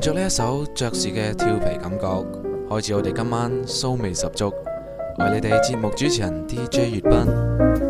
着呢一首爵士嘅調皮感覺，開始我哋今晚騷味十足，為你哋節目主持人 DJ 粵賓。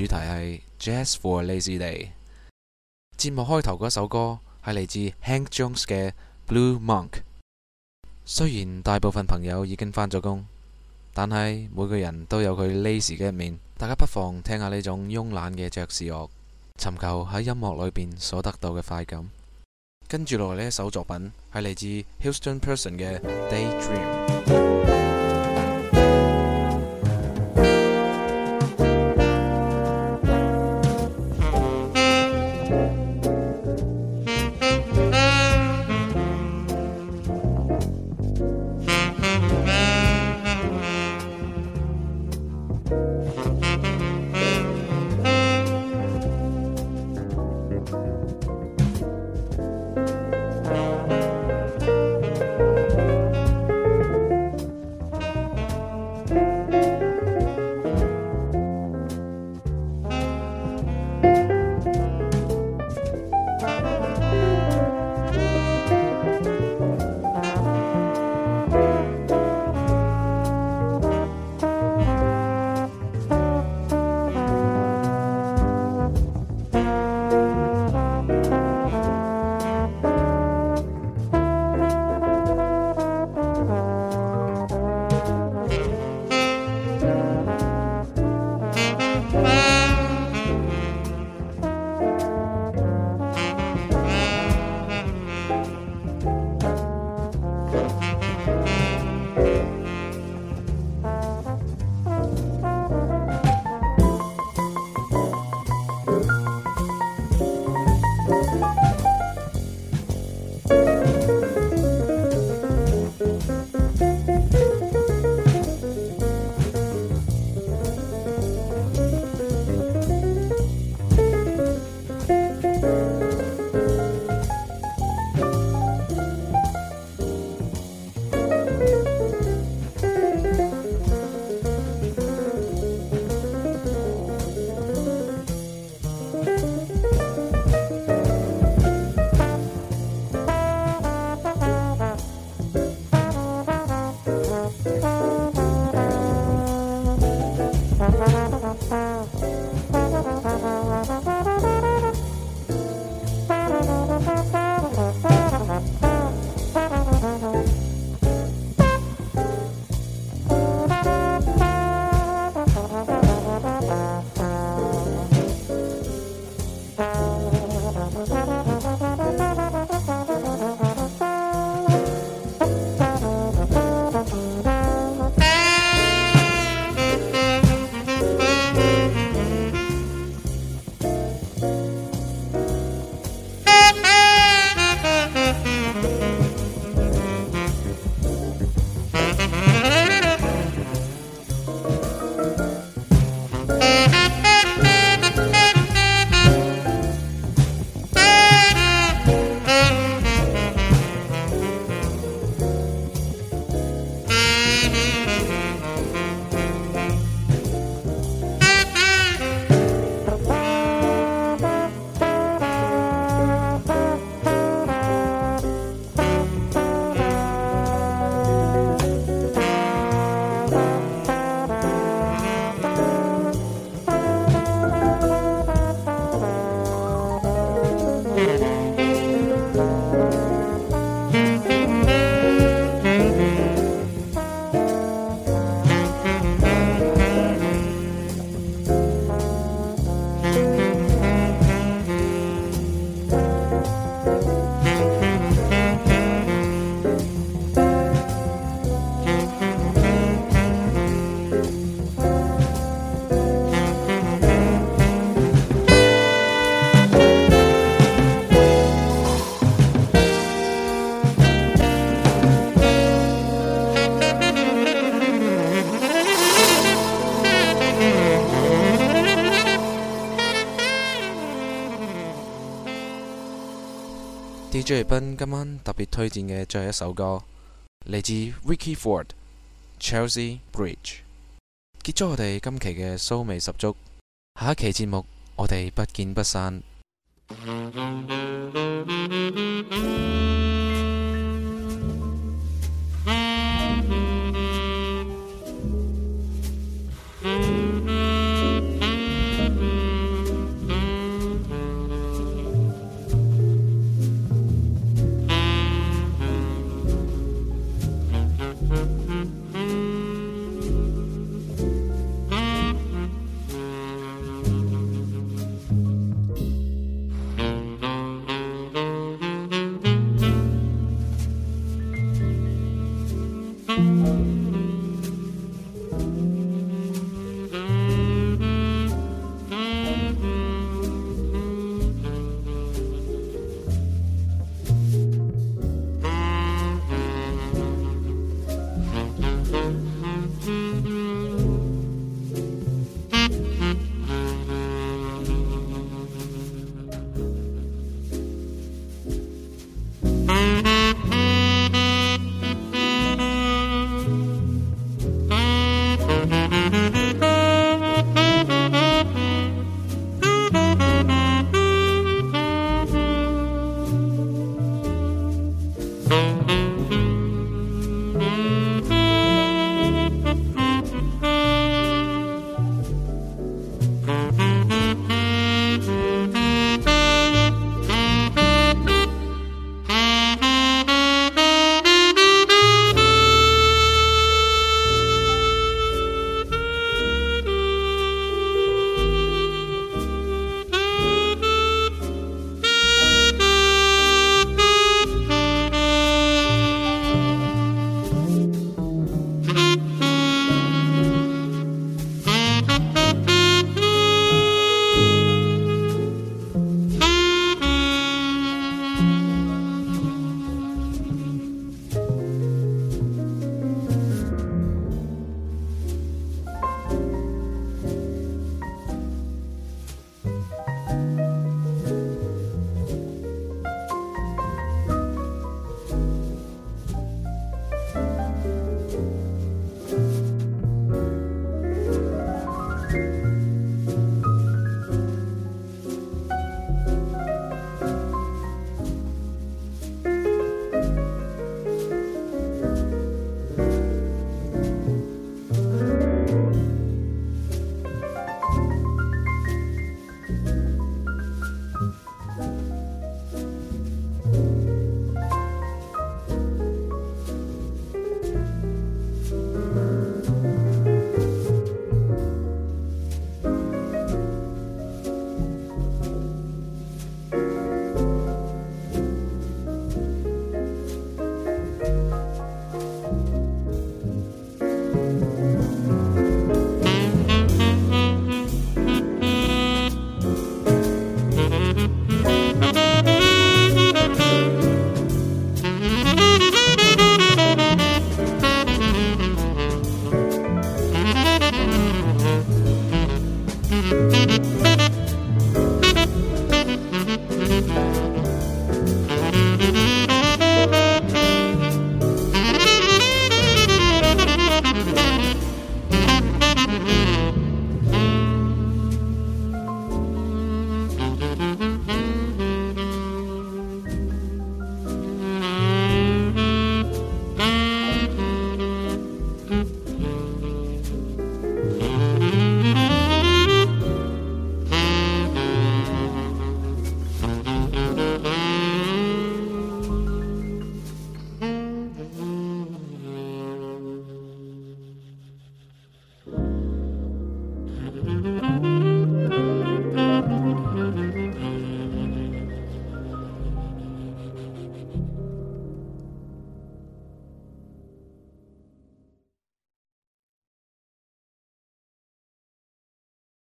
主題係 Jazz for Lazy Day。節目開頭嗰首歌係嚟自 Hank Jones 嘅 Blue Monk。雖然大部分朋友已經返咗工，但係每個人都有佢 Lazy 嘅一面。大家不妨聽下呢種慵懶嘅爵士樂，尋求喺音樂裏邊所得到嘅快感。跟住落嚟呢一首作品係嚟自 Houston Person 嘅 Daydream。J.J. 斌今晚特別推薦嘅最後一首歌，嚟自 Ricky Ford《Chelsea Bridge》。結束我哋今期嘅騷味十足，下一期節目我哋不見不散。